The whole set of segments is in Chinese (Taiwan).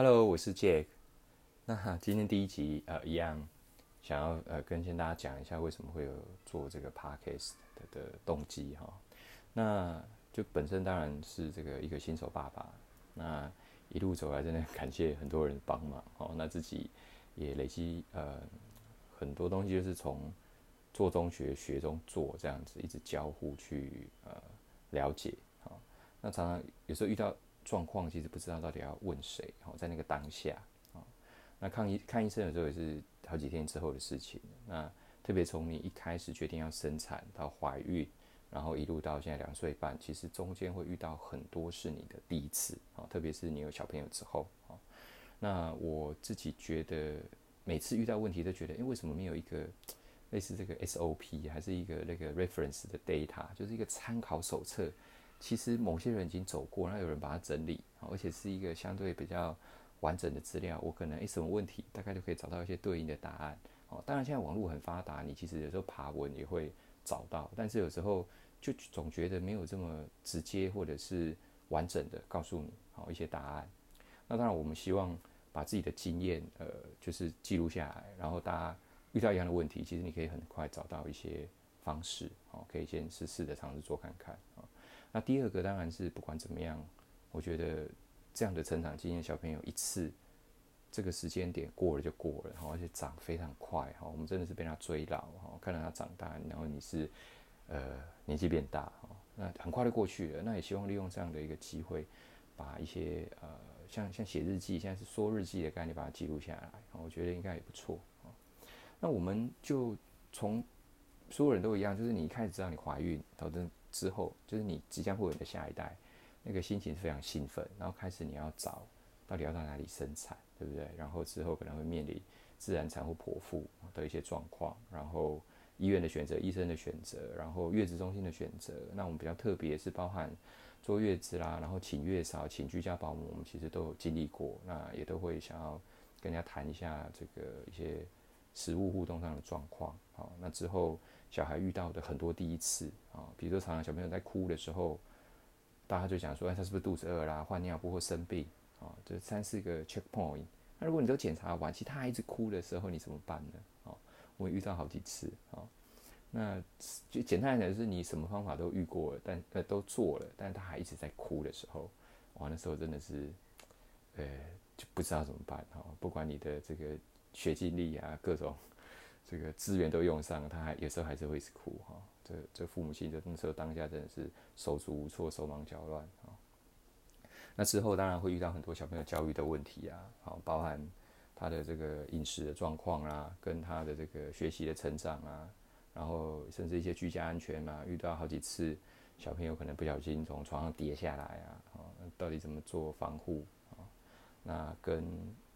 Hello，我是 Jack。那今天第一集呃一樣，想要呃跟先大家講一下為什麼會有做這個 Podcast 的動機哈。那就本身當然是這個一個新手爸爸，那一路走來真的感謝很多人幫忙哦。那自己也累積呃很多東西，就是從做中學、學中做這樣子，一直交互去呃了解啊。那常常有時候遇到。狀況其實不知道到底要問誰，好在那個當下啊。那看醫看醫生的時候也是好幾天之後的事情。那特別從你一開始決定要生產到懷孕，然後一路到現在兩歲半，其實中間會遇到很多是你的第一次啊。特別是你有小朋友之後啊。那我自己覺得每次遇到問題都覺得，誒、欸，為什麼沒有一個類似這個 SOP，還是一個那個 reference 的 data，就是一個參考手冊。其實某些人已經走過，那有人把它整理，而且是一個相對比較完整的資料。我可能一、欸、什麼問題，大概就可以找到一些對應的答案。哦，當然現在網絡很發達，你其實有時候爬文也會找到，但是有時候就總覺得沒有這麼直接或者是完整的告訴你好，一些答案。那當然，我們希望把自己的經驗，呃，就是記錄下來，然後大家遇到一樣的問題，其實你可以很快找到一些方式，好，可以先試試的嘗試做看看。那第二個當然是不管怎麼樣，我覺得這樣的成長經驗，小朋友一次這個時間點過了就過了，哈，而且長非常快，哈，我們真的是被他追老，哈，看到他長大，然後你是呃年紀變大，哈，那很快就過去了，那也希望利用這樣的一個機會，把一些呃像像寫日記，現在是說日記的概念，把它記錄下來，我覺得應該也不錯，啊，那我們就從。所有人都一樣，就是你一開始知道你懷孕，導致之後就是你即將會有你的下一代，那個心情是非常興奮。然後開始你要找，到底要到哪裡生產，對不對？然後之後可能會面臨自然產或剖腹的一些狀況，然後醫院的選擇、醫生的選擇，然後月子中心的選擇。那我們比較特別是包含坐月子啦，然後請月嫂、請居家保姆，我們其實都有經歷過，那也都會想要跟人家談一下這個一些。食物互動上的狀況，好，那之後小孩遇到的很多第一次，啊、哦，比如說常常小朋友在哭的時候，大家就講說、哎、他是不是肚子餓啦、換尿布或生病，啊、哦，這三四個 checkpoint，那如果你都檢查完，其他還一直哭的時候，你怎麼辦呢？啊、哦，我也遇到好幾次，啊、哦，那就簡單來講，是你什麼方法都遇過了，但呃都做了，但他還一直在哭的時候，哇，那時候真的是，呃，就不知道怎麼辦，哈、哦，不管你的這個。學精力啊，各種這個資源都用上，他還有時候還是會哭哈，哦。這這父母親那時候當下真的是手足無措、手忙腳亂啊。那之後當然會遇到很多小朋友教育的問題啊，好、哦，包含他的這個飲食的狀況啊，跟他的這個學習的成長啊，然後甚至一些居家安全啊，遇到好幾次小朋友可能不小心從床上跌下來啊，哦、到底怎麼做防護啊，哦？那跟。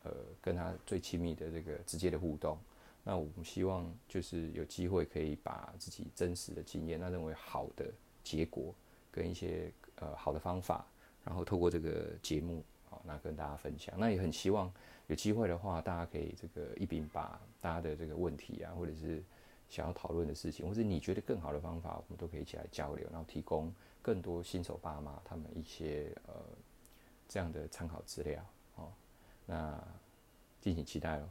呃，跟他最親密的這個直接的互動，那我們希望就是有機會可以把自己真實的經驗，那認為好的結果跟一些呃好的方法，然後透過這個節目，好、哦，那跟大家分享。那也很希望有機會的話，大家可以這個一併把大家的這個問題啊，或者是想要討論的事情，或者是你覺得更好的方法，我們都可以一起來交流，然後提供更多新手爸媽他們一些呃這樣的參考資料，哦。那，敬請期待囉。